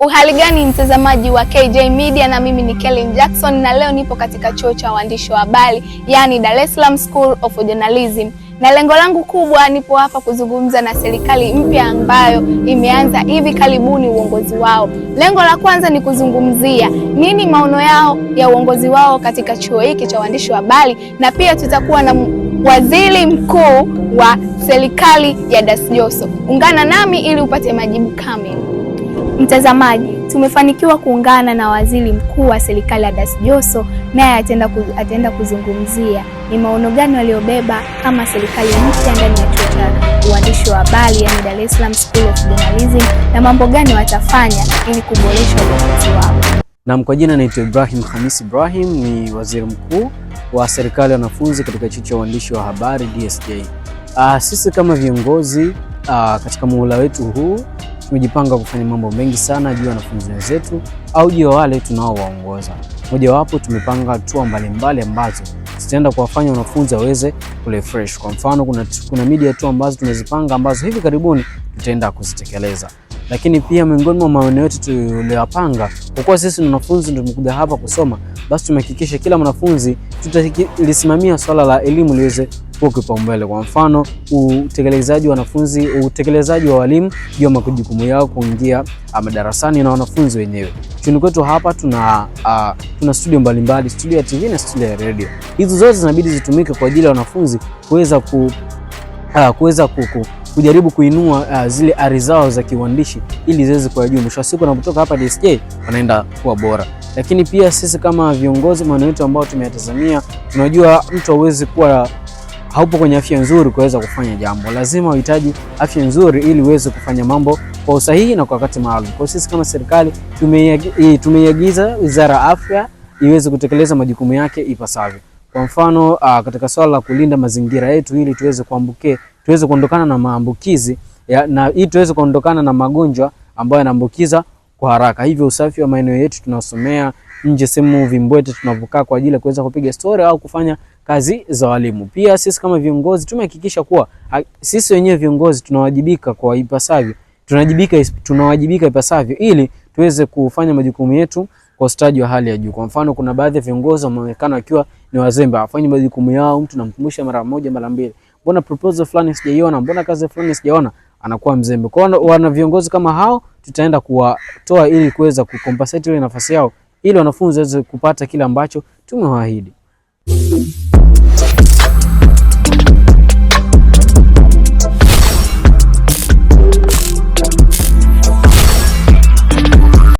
Uhali gani mtazamaji wa KJ Media, na mimi ni Kelin Jackson, na leo nipo katika chuo cha waandishi wa habari yani Dar es Salaam School of Journalism, na lengo langu kubwa, nipo hapa kuzungumza na serikali mpya ambayo imeanza hivi karibuni uongozi wao. Lengo la kwanza ni kuzungumzia nini maono yao ya uongozi wao katika chuo hiki cha waandishi wa habari, na pia tutakuwa na waziri mkuu wa serikali ya Dasjoso. Ungana nami ili upate majibu kamili. Mtazamaji, tumefanikiwa kuungana na waziri mkuu wa serikali Adas Joso, naye ataenda kuzungumzia ni maono gani waliobeba kama serikali mpya ndani ya chuo cha uandishi wa habari, yani Dar es Salaam School of Journalism, na mambo gani watafanya ili kuboresha uongozi wao. Nam, kwa jina naitwa Ibrahim Khamis Ibrahim, ni waziri mkuu wa serikali ya wanafunzi katika chuo cha uandishi wa habari DSJ. Uh, ah, sisi kama viongozi ah, katika muhula wetu huu tumejipanga kufanya mambo mengi sana juu ya wanafunzi wenzetu au juu ya wale tunaowaongoza. Mojawapo, tumepanga hatua mbalimbali ambazo zitaenda kuwafanya wanafunzi waweze kurefresh. Kwa mfano, kuna, kuna media tu ambazo tumezipanga ambazo hivi karibuni tutaenda kuzitekeleza lakini pia miongoni mwa maeneo yetu tuliyopanga, kwa kuwa sisi ni wanafunzi ndio tumekuja hapa kusoma, basi tumehakikisha kila mwanafunzi tutalisimamia swala la elimu liweze kuwa kipaumbele. Kwa mfano, utekelezaji wa wanafunzi, utekelezaji wa walimu juu ya majukumu yao kuingia ah, madarasani na wanafunzi wenyewe. Chuoni kwetu hapa tuna, uh, tuna studio mbalimbali, studio ya TV na studio ya radio. Hizo zote zinabidi zitumike kwa ajili ya wanafunzi kuweza ku, uh, kuweza kuku kujaribu kuinua uh, zile ari zao za kiuandishi ili ziweze kwa juu. Mwisho wa siku wanapotoka hapa DSJ wanaenda kuwa bora. Lakini pia sisi kama viongozi, maana yetu ambao tumeyatazamia, tunajua mtu hawezi kuwa haupo kwenye afya nzuri kuweza kufanya jambo. Lazima uhitaji afya nzuri ili uweze kufanya mambo kwa usahihi na kwa wakati maalum. Kwa sisi kama serikali eh, tumeiagiza Wizara ya Afya iweze kutekeleza majukumu yake ipasavyo. Kwa mfano uh, katika swala la kulinda mazingira yetu ili tuweze kuambuke tuweze kuondokana na maambukizi na ili tuweze kuondokana na magonjwa ambayo yanaambukiza kwa haraka. Hivyo usafi wa maeneo yetu tunasomea nje, sehemu vimbwete tunavokaa kwa ajili ya kuweza kupiga story au kufanya kazi za walimu. Pia sisi kama viongozi tumehakikisha kuwa sisi wenyewe viongozi tunawajibika kwa ipasavyo, tunawajibika tunawajibika ipasavyo ili tuweze kufanya majukumu yetu kwa ustadi wa hali ya juu. Kwa mfano, kuna baadhi ya viongozi wameonekana wakiwa ni wazembe, hawafanyi majukumu yao, mtu namkumbusha mara moja mara mbili, mbona proposal fulani sijaiona, mbona kazi fulani sijaona, anakuwa mzembe. Kwa hiyo wana viongozi kama hao tutaenda kuwatoa ili kuweza kukompensate ile nafasi yao ili wanafunzi waweze kupata kile ambacho tumewaahidi.